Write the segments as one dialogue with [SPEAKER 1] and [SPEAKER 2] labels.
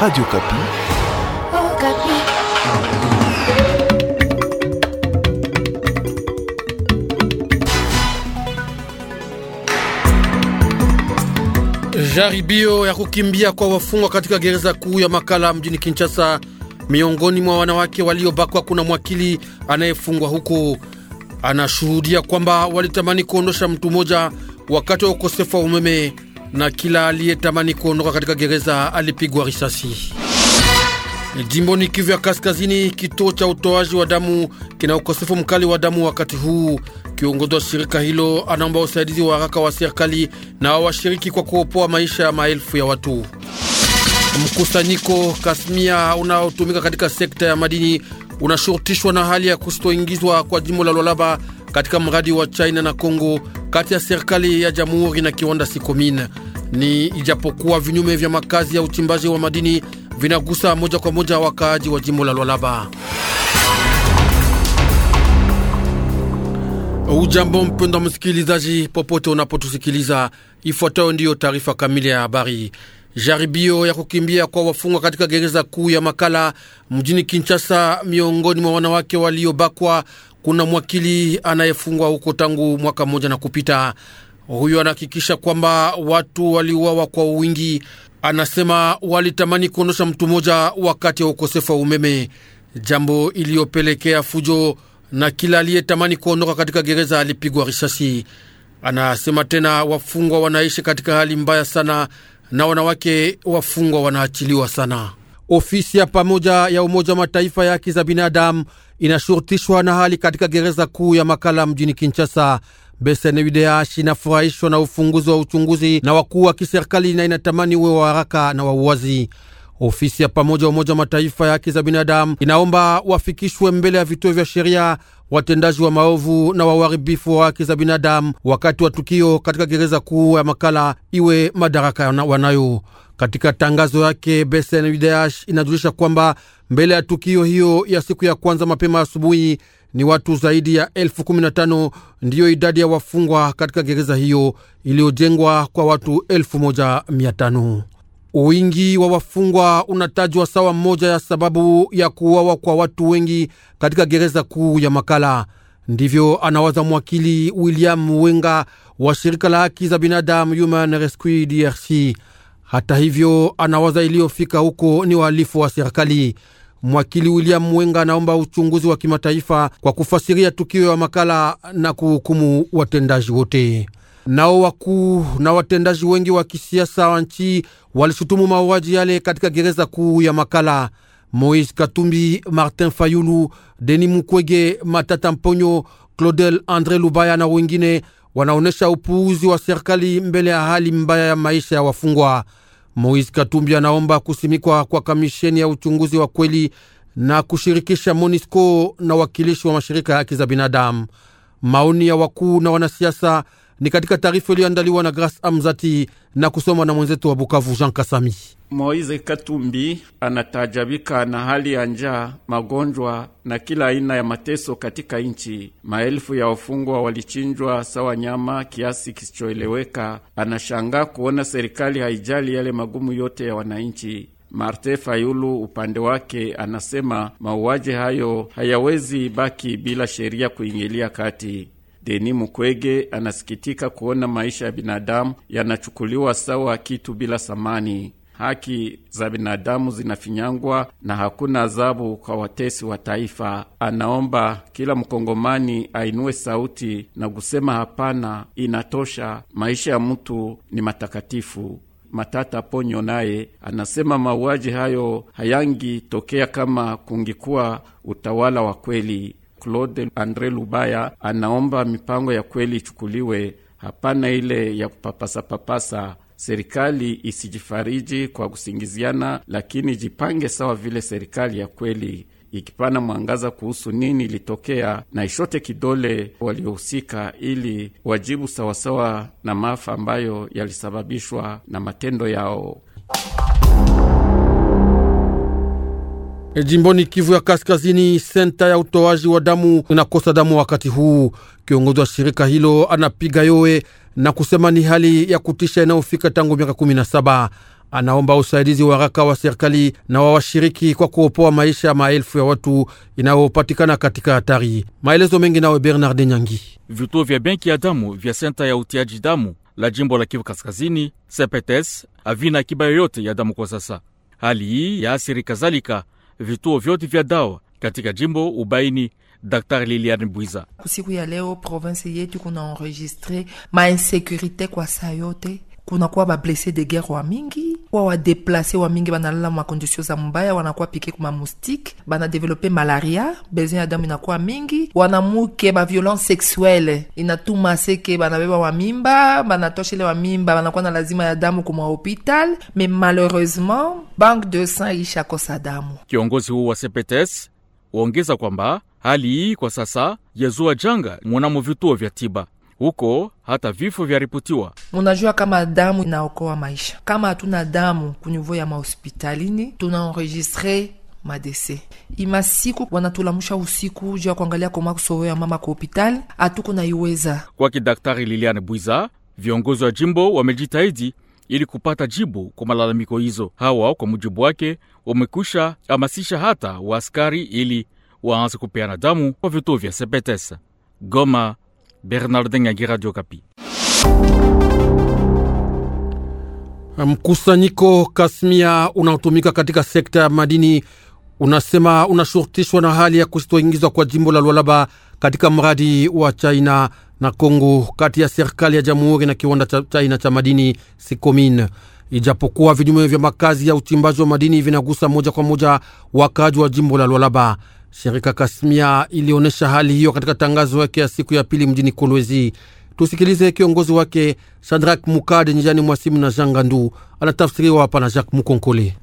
[SPEAKER 1] Radio Kapi.
[SPEAKER 2] Oh, Kapi.
[SPEAKER 3] Jaribio ya kukimbia kwa wafungwa katika gereza kuu ya Makala mjini Kinshasa. Miongoni mwa wanawake waliobakwa kuna mwakili anayefungwa huko, anashuhudia kwamba walitamani kuondosha mtu mmoja wakati wa ukosefu wa umeme na kila aliyetamani kuondoka katika gereza alipigwa risasi. Jimboni Kivu ya Kaskazini, kituo cha utoaji wa damu kina ukosefu mkali wa damu wakati huu. Kiongozi wa shirika hilo anaomba usaidizi wa haraka wa serikali na washiriki kwa kuopoa maisha ya maelfu ya watu. Mkusanyiko Kasmia unaotumika katika sekta ya madini unashurutishwa na hali ya kusitoingizwa kwa jimbo la lwalaba katika mradi wa China na Kongo kati ya serikali ya jamhuri na kiwanda Sikomin. Ni ijapokuwa vinyume vya makazi ya uchimbaji wa madini vinagusa moja kwa moja wakaaji wa jimbo la Lwalaba. Ujambo mpendwa msikilizaji, popote unapotusikiliza, ifuatayo ndiyo taarifa kamili ya habari. Jaribio ya kukimbia kwa wafungwa katika gereza kuu ya Makala mjini Kinshasa miongoni mwa wanawake waliobakwa kuna mwakili anayefungwa huko tangu mwaka mmoja na kupita. Huyo anahakikisha kwamba watu waliuawa kwa wingi. Anasema walitamani kuondosha mtu mmoja wakati wa ukosefu wa umeme, jambo iliyopelekea fujo, na kila aliyetamani kuondoka katika gereza alipigwa risasi. Anasema tena wafungwa wanaishi katika hali mbaya sana, na wanawake wafungwa wanaachiliwa sana. Ofisi ya pamoja ya Umoja wa Mataifa ya haki za binadamu inashurutishwa na hali katika gereza kuu ya Makala mjini Kinshasa. Beseneudeh inafurahishwa na ufunguzi wa uchunguzi na wakuu wa kiserikali na inatamani uwe wa haraka na wa uwazi. Ofisi ya pamoja ya Umoja wa Mataifa ya haki za binadamu inaomba wafikishwe mbele ya vituo vya sheria watendaji wa maovu na wauharibifu wa haki za binadamu wakati wa tukio katika gereza kuu ya Makala, iwe madaraka wanayo. Katika tangazo yake BCNUDH inajulisha kwamba mbele ya tukio hiyo ya siku ya kwanza mapema asubuhi, ni watu zaidi ya elfu kumi na tano ndiyo idadi ya wafungwa katika gereza hiyo iliyojengwa kwa watu elfu moja mia tano. Wingi wa wafungwa unatajwa sawa moja ya sababu ya kuuawa kwa watu wengi katika gereza kuu ya Makala. Ndivyo anawaza mwakili William Wenga wa shirika la haki za binadamu Human Rescue DRC. Hata hivyo, anawaza iliyofika huko ni wahalifu wa serikali. Mwakili William Mwenga anaomba uchunguzi wa kimataifa kwa kufasiria tukio ya makala na kuhukumu watendaji wote. Nao wakuu na watendaji wengi wa kisiasa wa nchi walishutumu mauaji yale katika gereza kuu ya Makala. Moise Katumbi, Martin Fayulu, Denis Mukwege, Matata Mponyo, Claudel Andre Lubaya na wengine wanaonyesha upuuzi wa serikali mbele ya hali mbaya ya maisha ya wafungwa. Moise Katumbi anaomba kusimikwa kwa kamisheni ya uchunguzi wa kweli na kushirikisha MONUSCO na wakilishi wa mashirika ya haki za binadamu. Maoni ya wakuu na wanasiasa ni katika taarifa iliyoandaliwa na Grace Amzati na kusoma na mwenzetu wa Bukavu Jean Kasami.
[SPEAKER 4] Moise Katumbi anatajabika na hali ya njaa, magonjwa na kila aina ya mateso katika nchi. Maelfu ya wafungwa walichinjwa sawa nyama, kiasi kisichoeleweka. Anashangaa kuona serikali haijali yale magumu yote ya wananchi. Marte Fayulu upande wake anasema mauaji hayo hayawezi baki bila sheria kuingilia kati. Deni Mukwege anasikitika kuona maisha ya binadamu yanachukuliwa sawa kitu bila samani Haki za binadamu zinafinyangwa na hakuna adhabu kwa watesi wa taifa. Anaomba kila mkongomani ainue sauti na kusema hapana, inatosha. Maisha ya mtu ni matakatifu. Matata Ponyo naye anasema mauaji hayo hayangi tokea kama kungikuwa utawala wa kweli. Claude Andre Lubaya anaomba mipango ya kweli ichukuliwe, hapana ile ya kupapasa papasa. Serikali isijifariji kwa kusingiziana, lakini jipange sawa vile serikali ya kweli ikipana mwangaza kuhusu nini ilitokea na ishote kidole waliohusika ili wajibu sawasawa na maafa ambayo yalisababishwa na
[SPEAKER 3] matendo yao. E, jimboni Kivu ya Kaskazini, senta ya utoaji wa damu inakosa damu wakati huu. Kiongozi wa shirika hilo anapiga yowe na kusema ni hali ya kutisha inayofika tangu miaka 17. Anaomba usaidizi wa haraka wa serikali na wa washiriki kwa kuopoa maisha ya maelfu ya watu inayopatikana katika hatari. Maelezo mengi nawe Bernard Nyangi.
[SPEAKER 2] Vituo vya benki ya damu vya senta ya utiaji damu la jimbo la Kivu Kaskazini, CPTS, havina akiba yoyote ya damu kwa sasa. Hali hii ya asiri kadhalika vituo vyote vya dawa katika jimbo ubaini. Daktari Lilian Bwiza:
[SPEAKER 5] siku ya leo province yetu kuna enregistre ma insekurite kwa saa yote kunakuwa bablese de guerre wa mingi kuwa wadeplace wa mingi banalala makondisio za mubaya wanakuwa pike kuma mustike banadevelope malaria besoin ya damu inakuwa mingi wanamuke baviolence sexuele inatuma seke banabeba wamimba banatoshele wamimba banakuwa na lazima ya damu kuma hopital me malheureusement banque de sang ishakosa damu.
[SPEAKER 2] Kiongozi huu wa CPTS waongeza kwamba hali hii kwa sasa yazua janga mwanamo vituo vya tiba huko hata vifo vyaripotiwa.
[SPEAKER 5] Munajua kama damu inaokoa maisha. Kama hatuna damu kunivo ya mahospitalini, tunaenregistre madese imasiku wanatulamusha usiku juu ya kuangalia koma kusowo ya mama kwa hopitali hatuko na iweza.
[SPEAKER 2] Kwake Daktari Liliane Bwiza, viongozi wa jimbo wamejitahidi ili kupata jibu kwa malalamiko hizo. Hawa kwa mujibu wake wamekusha hamasisha hata waaskari ili waanze kupeana damu kwa vituo vya sepetes Goma. Bernardin Nyangi, Radio Kapi.
[SPEAKER 3] Mkusanyiko Kasmia unaotumika katika sekta ya madini unasema unashurutishwa na hali ya kusitoingizwa kwa jimbo la Lualaba katika mradi wa China na Kongo kati ya serikali ya jamhuri na kiwanda cha China cha madini Sikomin. Ijapokuwa vinyume vya makazi ya uchimbaji wa madini vinagusa moja kwa moja wakaaji wa jimbo la Lualaba, Shirika Kasmia ilionyesha hali hiyo katika tangazo yake ya siku ya pili mjini Kolwezi. Tusikilize kiongozi wake Shadrak Mukade njiani mwasimu na Jean Gandu, anatafsiriwa hapa na Jacques Mukonkole.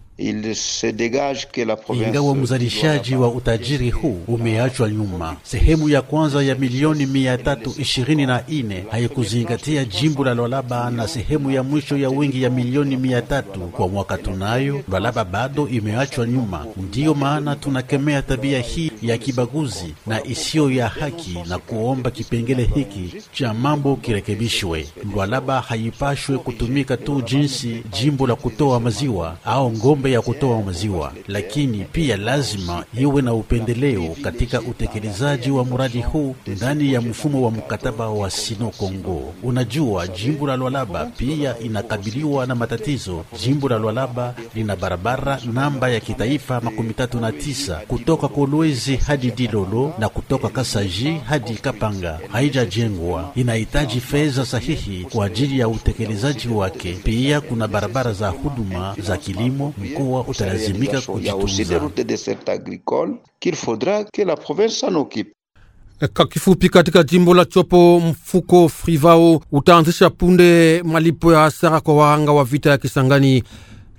[SPEAKER 1] Ingawa mzalishaji wa utajiri huu umeachwa nyuma, sehemu ya kwanza ya milioni mia tatu ishirini na nne haikuzingatia jimbo la Lwalaba na sehemu ya mwisho ya wingi ya milioni mia tatu kwa mwaka tunayo. Lwalaba bado imeachwa nyuma, ndiyo maana tunakemea tabia hii ya kibaguzi na isiyo ya haki na kuomba kipengele hiki cha mambo kirekebishwe. Lwalaba haipashwe kutumika tu jinsi jimbo la kutoa maziwa au ngombe ng'ombe ya kutoa maziwa, lakini pia lazima iwe na upendeleo katika utekelezaji wa mradi huu ndani ya mfumo wa mkataba wa Sino Kongo. Unajua, jimbo la Lwalaba pia inakabiliwa na matatizo. Jimbo la Lwalaba lina barabara namba ya kitaifa makumi tatu na tisa kutoka Kolwezi hadi Dilolo na kutoka Kasaji hadi Kapanga haijajengwa, inahitaji fedha sahihi kwa ajili ya utekelezaji wake. Pia kuna barabara za huduma za kilimo kuwa utalazimika kujitunza.
[SPEAKER 3] Eh, kwa kifupi, katika jimbo la Chopo, mfuko Frivao utaanzisha punde malipo ya hasara kwa wahanga wa vita ya Kisangani.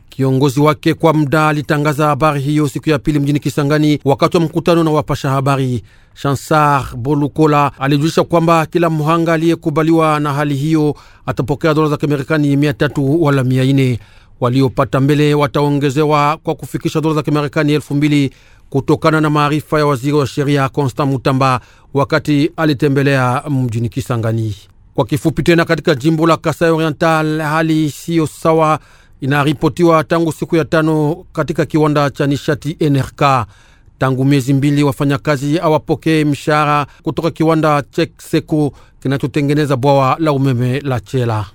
[SPEAKER 3] Kiongozi wake kwa muda alitangaza habari hiyo siku ya pili mjini Kisangani wakati wa mkutano na wapasha habari. Chansar Bolukola alijulisha kwamba kila mhanga aliyekubaliwa na hali hiyo atapokea dola za Kimarekani mia tatu wala mia nne waliopata mbele wataongezewa kwa kufikisha dola za Kimarekani elfu mbili kutokana na maarifa ya waziri wa sheria Constant Mutamba wakati alitembelea mjini Kisangani. Kwa kifupi tena, katika jimbo la Kasai Oriental hali isiyo sawa inaripotiwa tangu siku ya tano katika kiwanda cha nishati NRK. Tangu miezi mbili wafanyakazi awapokee mshahara kutoka kiwanda chekseko kinachotengeneza bwawa la umeme la Chela.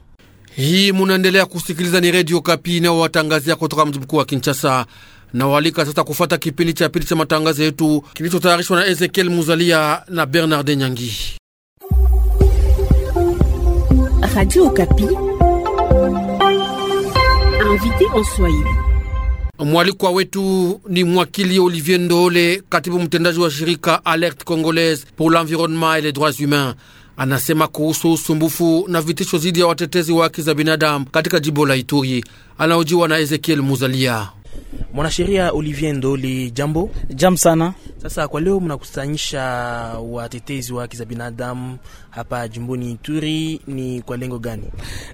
[SPEAKER 3] Hii munaendelea kusikiliza, ni redio Kapi inayowatangazia kutoka mji mkuu wa Kinshasa na sasa kufata kipindi cha pili cha matangazo yetu kilichotayarishwa na Ezekiel Muzalia na Bernard Nyangi. Mwalikwa wetu ni mwakili Olivier Ndole, katibu mtendaji wa shirika Alerte Congolaise pour l'environnement et les droits humains anasema kuhusu usumbufu na vitisho dhidi ya watetezi wa haki za binadamu katika jimbo la Ituri. Anaojiwa na Ezekiel Muzalia.
[SPEAKER 5] Mwanasheria Olivier Ndoli, jambo. Jambo sana. Sasa kwa leo mnakusanyisha watetezi wa haki za binadamu hapa jimboni Ituri, ni kwa lengo gani?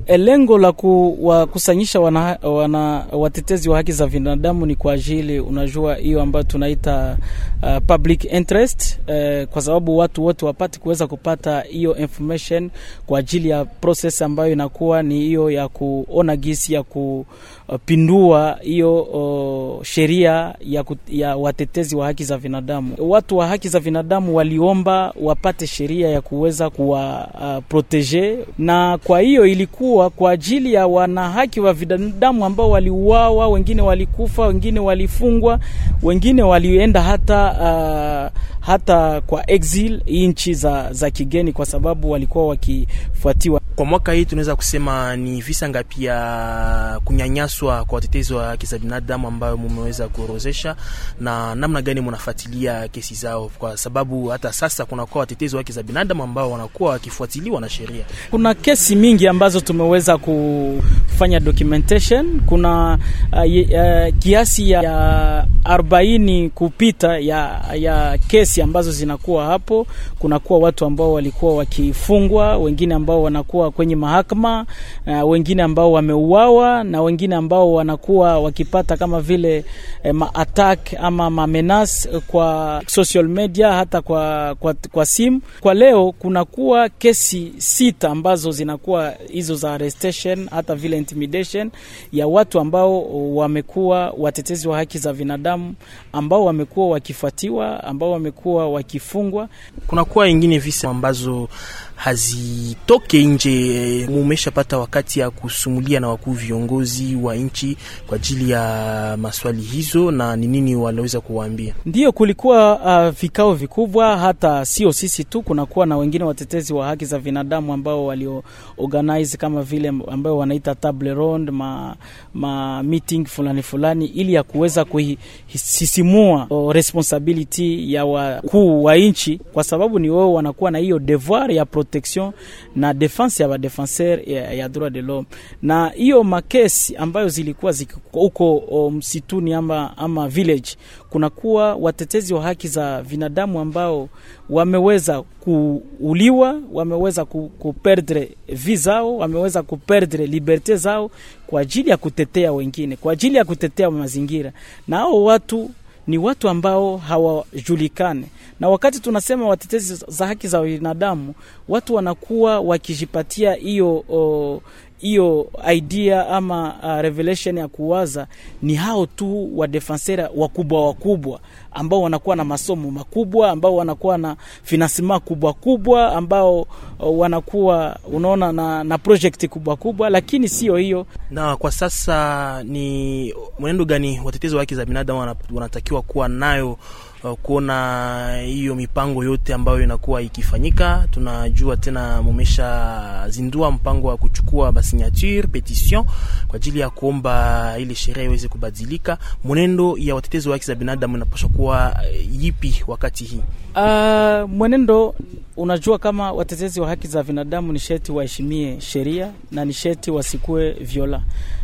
[SPEAKER 6] E, lengo la kuwakusanyisha wana, wana, watetezi wa haki za binadamu ni kwa ajili, unajua hiyo ambayo tunaita uh, public interest uh, kwa sababu watu wote wapate kuweza kupata hiyo information kwa ajili ya process ambayo inakuwa ni hiyo ya kuona gisi ya kupindua uh, hiyo uh, sheria ya, ya watetezi wa haki za binadamu. Watu wa haki za binadamu waliomba wapate sheria ya kuweza kuwaproteje uh, na kwa hiyo ilikuwa kwa ajili ya wanahaki wa binadamu ambao waliuawa, wengine walikufa, wengine walifungwa, wengine walienda hata uh, hata kwa exil nchi za, za kigeni kwa sababu
[SPEAKER 5] walikuwa wakifuatiwa kwa mwaka hii tunaweza kusema ni visa ngapi ya kunyanyaswa kwa watetezi wa haki za binadamu ambayo mumeweza kuorozesha, na namna gani mnafuatilia kesi zao? Kwa sababu hata sasa kunakuwa watetezi wa haki za binadamu ambao wanakuwa wakifuatiliwa na sheria.
[SPEAKER 6] Kuna kesi mingi ambazo tumeweza kufanya documentation. Kuna uh, uh, kiasi ya, ya kupita ya, ya kesi ambazo zinakuwa hapo. Kunakuwa watu ambao walikuwa wakifungwa, wengine ambao wanakuwa kwenye mahakama na eh, wengine ambao wameuawa na wengine ambao wanakuwa wakipata kama vile eh, maattack ama mamenas kwa social media hata kwa, kwa, kwa simu. Kwa leo kunakuwa kesi sita ambazo zinakuwa hizo za arrestation hata vile intimidation ya watu ambao wamekuwa watetezi wa haki za binadamu ambao wamekuwa
[SPEAKER 5] wakifuatiwa ambao wamekuwa wakifungwa. Kunakuwa ingine visa ambazo hazitoke nje. Mumeshapata wakati ya kusumulia na wakuu viongozi wa nchi kwa ajili ya maswali hizo, na ni nini wanaweza kuwaambia? Ndiyo,
[SPEAKER 6] kulikuwa uh, vikao vikubwa, hata sio sisi tu, kunakuwa na wengine watetezi wa haki za binadamu ambao walio organize kama vile ambao wanaita table round, ma, ma meeting fulani fulani, ili ya kuweza kusisimua uh, responsibility ya wakuu wa nchi, kwa sababu ni wao wanakuwa na hiyo devoir ya prote protection na defense ya defenseur ya, ya droit de l'homme, na hiyo makesi ambayo zilikuwa huko msituni ama, ama village, kunakuwa watetezi wa haki za binadamu ambao wameweza kuuliwa, wameweza kuperdre vi zao, wameweza kuperdre liberte zao kwa ajili ya kutetea wengine, kwa ajili ya kutetea mazingira na hao watu ni watu ambao hawajulikane, na wakati tunasema watetezi za haki za binadamu, watu wanakuwa wakijipatia hiyo hiyo idea ama uh, revelation ya kuwaza ni hao tu wa wakubwa wakubwa ambao wanakuwa na masomo makubwa, ambao wanakuwa na finansima kubwa kubwa, ambao uh, wanakuwa unaona na, na projekti kubwa kubwa, lakini sio hiyo. Na kwa sasa
[SPEAKER 5] ni mwenendo gani watetezi wa haki za binadamu wanatakiwa kuwa nayo uh, kuona hiyo mipango yote ambayo inakuwa ikifanyika. Tunajua tena mumesha zindua mpango wa kuchukua basignature petition kwa ajili ya kuomba ile sheria iweze kubadilika. Mwenendo ya watetezi wa haki za binadamu inapaswa itakuwa yipi wakati hii?
[SPEAKER 6] Uh, mwenendo unajua, kama watetezi wa haki za binadamu ni sheti waheshimie sheria na ni sheti wasikue viola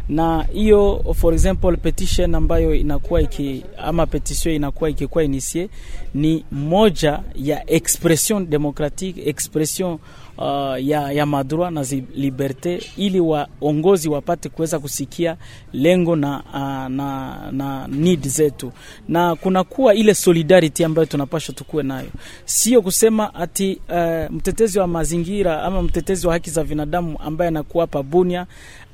[SPEAKER 6] na hiyo for example petition ambayo inakuwa iki, ama petition inakuwa ikikuwa inisie ni moja ya expression democratique expression uh, ya, ya madroit na liberté ili waongozi wapate kuweza kusikia lengo na, uh, na, na need zetu, na kunakuwa ile solidarity ambayo tunapashwa tukuwe nayo, sio kusema ati uh, mtetezi wa mazingira ama mtetezi wa haki za binadamu ambaye anakuwa hapa Bunia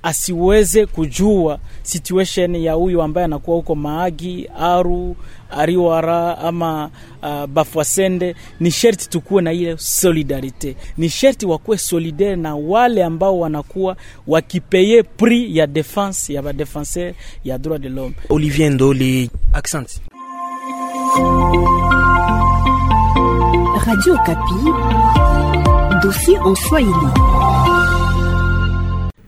[SPEAKER 6] asiweze kujua situation ya huyu ambaye anakuwa huko Maagi, Aru, Ariwara ama uh, Bafwasende. Ni sherti tukuwe na ile solidarite, ni sherti wakuwe solidaire na wale ambao wanakuwa wakipeye prix ya defense ya badefenseur ya droit de l'homme.
[SPEAKER 5] Olivier Ndoli, accent Radio Kapi, dossier en Swahili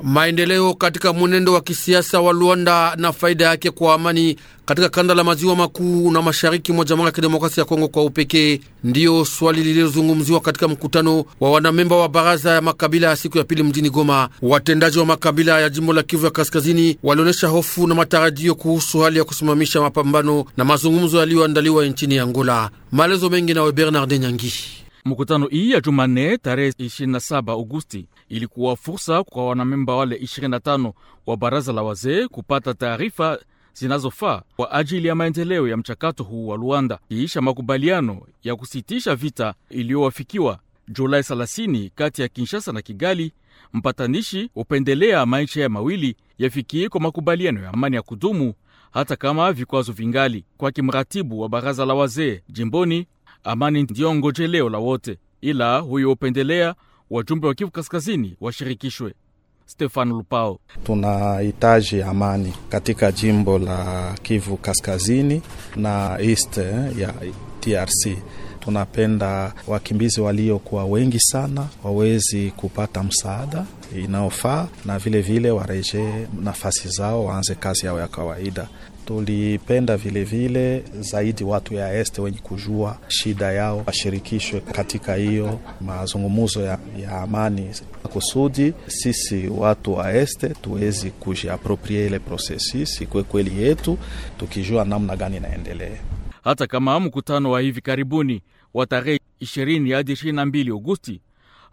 [SPEAKER 3] maendeleo katika mwenendo wa kisiasa wa Luanda na faida yake kwa amani katika kanda la maziwa makuu na mashariki mwa Jamhuri ya Kidemokrasia ya Kongo kwa upekee, ndiyo swali lililozungumziwa katika mkutano wa wanamemba wa baraza ya makabila ya siku ya pili mjini Goma. Watendaji wa makabila ya jimbo la Kivu ya Kaskazini walionyesha hofu na matarajio kuhusu hali ya kusimamisha mapambano na mazungumzo yaliyoandaliwa nchini Angola. Maelezo mengi nawe Bernard Nyangi. Mkutano hii ya Jumanne tarehe 27
[SPEAKER 2] agusti ilikuwa fursa kwa wanamemba wale 25 wa baraza la wazee kupata taarifa zinazofaa kwa ajili ya maendeleo ya mchakato huu wa Luanda kiisha makubaliano ya kusitisha vita iliyowafikiwa Julai 30 kati ya Kinshasa na Kigali. Mpatanishi hupendelea maisha ya mawili yafikie kwa makubaliano ya amani ya kudumu hata kama vikwazo vingali. Kwa kimratibu wa baraza la wazee jimboni Amani ndiyo ngojeleo la wote, ila huyo upendelea wajumbe wa Kivu Kaskazini washirikishwe. Stefan Lupao:
[SPEAKER 7] tunahitaji amani katika jimbo la Kivu Kaskazini na East eh, ya DRC. Tunapenda wakimbizi waliokuwa wengi sana wawezi kupata msaada inaofaa na vilevile warejee nafasi zao, waanze kazi yao ya kawaida. Tulipenda vilevile vile, zaidi watu ya este wenye kujua shida yao washirikishwe katika hiyo mazungumuzo ya, ya amani kusudi sisi watu wa este tuwezi kujiaproprie ile prosesus ikwe kweli yetu, tukijua namna gani inaendelea.
[SPEAKER 2] Hata kama mkutano wa hivi karibuni wa tarehe 20 hadi 22 Agosti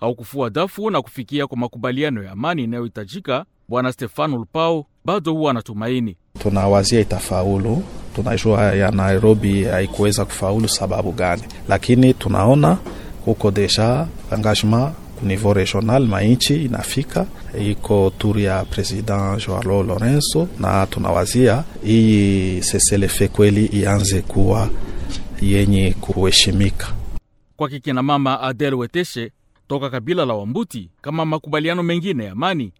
[SPEAKER 2] haukufua dafu na kufikia kwa makubaliano ya amani inayohitajika, Bwana Stefano Lupao bado huwa
[SPEAKER 7] anatumaini Tunawazia itafaulu. Tunajua ya Nairobi haikuweza kufaulu sababu gani, lakini tunaona huko deja engagement niveau regional mainchi inafika iko turi ya president Joao Lorenzo, na tunawazia hii seselefe kweli ianze kuwa yenye kuheshimika
[SPEAKER 2] kwa kikina mama Adel Weteshe toka kabila la Wambuti, kama makubaliano mengine ya amani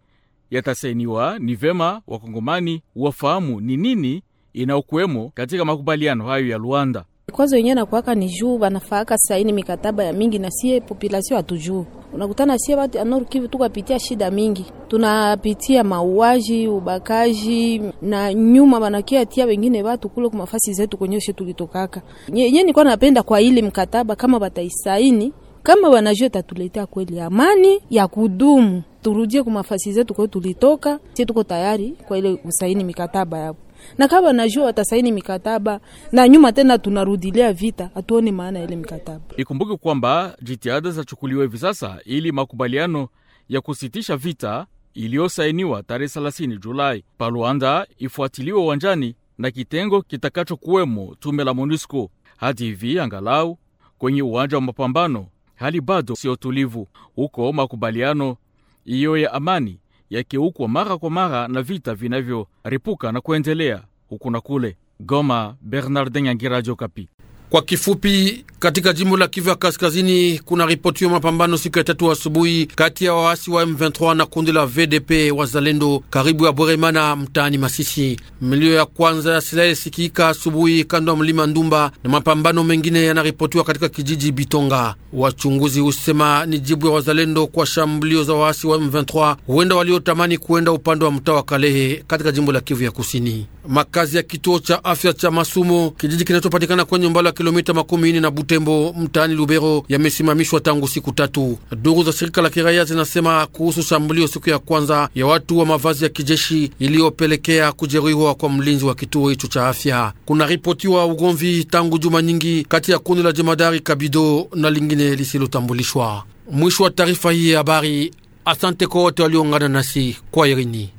[SPEAKER 2] yatasainiwa, ni vema wakongomani wafahamu ni nini inayokuwemo katika makubaliano hayo ya Luanda.
[SPEAKER 5] Kwanza wenyewe nakuaka ni juu wanafaaka saini mikataba ya mingi, na sie populasio hatujuu. Unakutana sie watu ya Nord Kivu tukapitia shida mingi, tunapitia mauaji, ubakaji na nyuma wanakia tia wengine watu kule kwa mafasi zetu kwenyeshe tulitokaka. Yenyewe nilikuwa napenda kwa ile mkataba kama wataisaini, kama wanajua tatuletea kweli amani ya kudumu turudie kwa mafasi zetu kwa tulitoka. Sisi tuko tayari kwa ile usaini mikataba yao, na kama najua watasaini mikataba na nyuma tena tunarudilia vita, hatuone maana ile mikataba.
[SPEAKER 2] Ikumbuke kwamba jitihada zachukuliwa hivi sasa ili makubaliano ya kusitisha vita iliyosainiwa tarehe 30 Julai pa Luanda ifuatiliwe uwanjani na kitengo kitakachokuwemo tume la MONUSCO. Hadi hivi angalau kwenye uwanja wa mapambano hali bado sio tulivu, huko makubaliano hiyo ya amani yakiukwa mara kwa mara na vita vinavyoripuka na kuendelea huku na kule. Goma, Bernardin Yangira, Radio Okapi. Kwa
[SPEAKER 3] kifupi, katika jimbo la Kivu ya Kaskazini kuna ripotiwa mapambano siku ya tatu asubuhi kati ya waasi wa M23 na kundi la VDP wazalendo karibu ya Bweremana mtaani Masisi. Milio ya kwanza ya silaha ilisikika asubuhi kando ya mlima Ndumba, na mapambano mengine yanaripotiwa katika kijiji Bitonga. Wachunguzi husema ni jibu ya wazalendo kwa shambulio za waasi wa M23, huenda waliotamani kuenda upande wa mtaa wa Kalehe katika jimbo la Kivu ya Kusini. Makazi ya kituo cha afya cha Masumo, kijiji kinachopatikana kwenye umbali kilomita makumi nne na Butembo mtaani Lubero yamesimamishwa tangu siku tatu. Duru za shirika la kiraia zinasema kuhusu shambulio siku ya kwanza ya watu wa mavazi ya kijeshi iliyopelekea kujeruhiwa kwa mlinzi wa kituo hicho cha afya. Kuna ripotiwa ugomvi tangu juma nyingi kati ya kundi la jemadari Kabido na lingine lisilotambulishwa. Mwisho wa taarifa hii ya habari. Asante kwa wote waliongana nasi kwa Irini.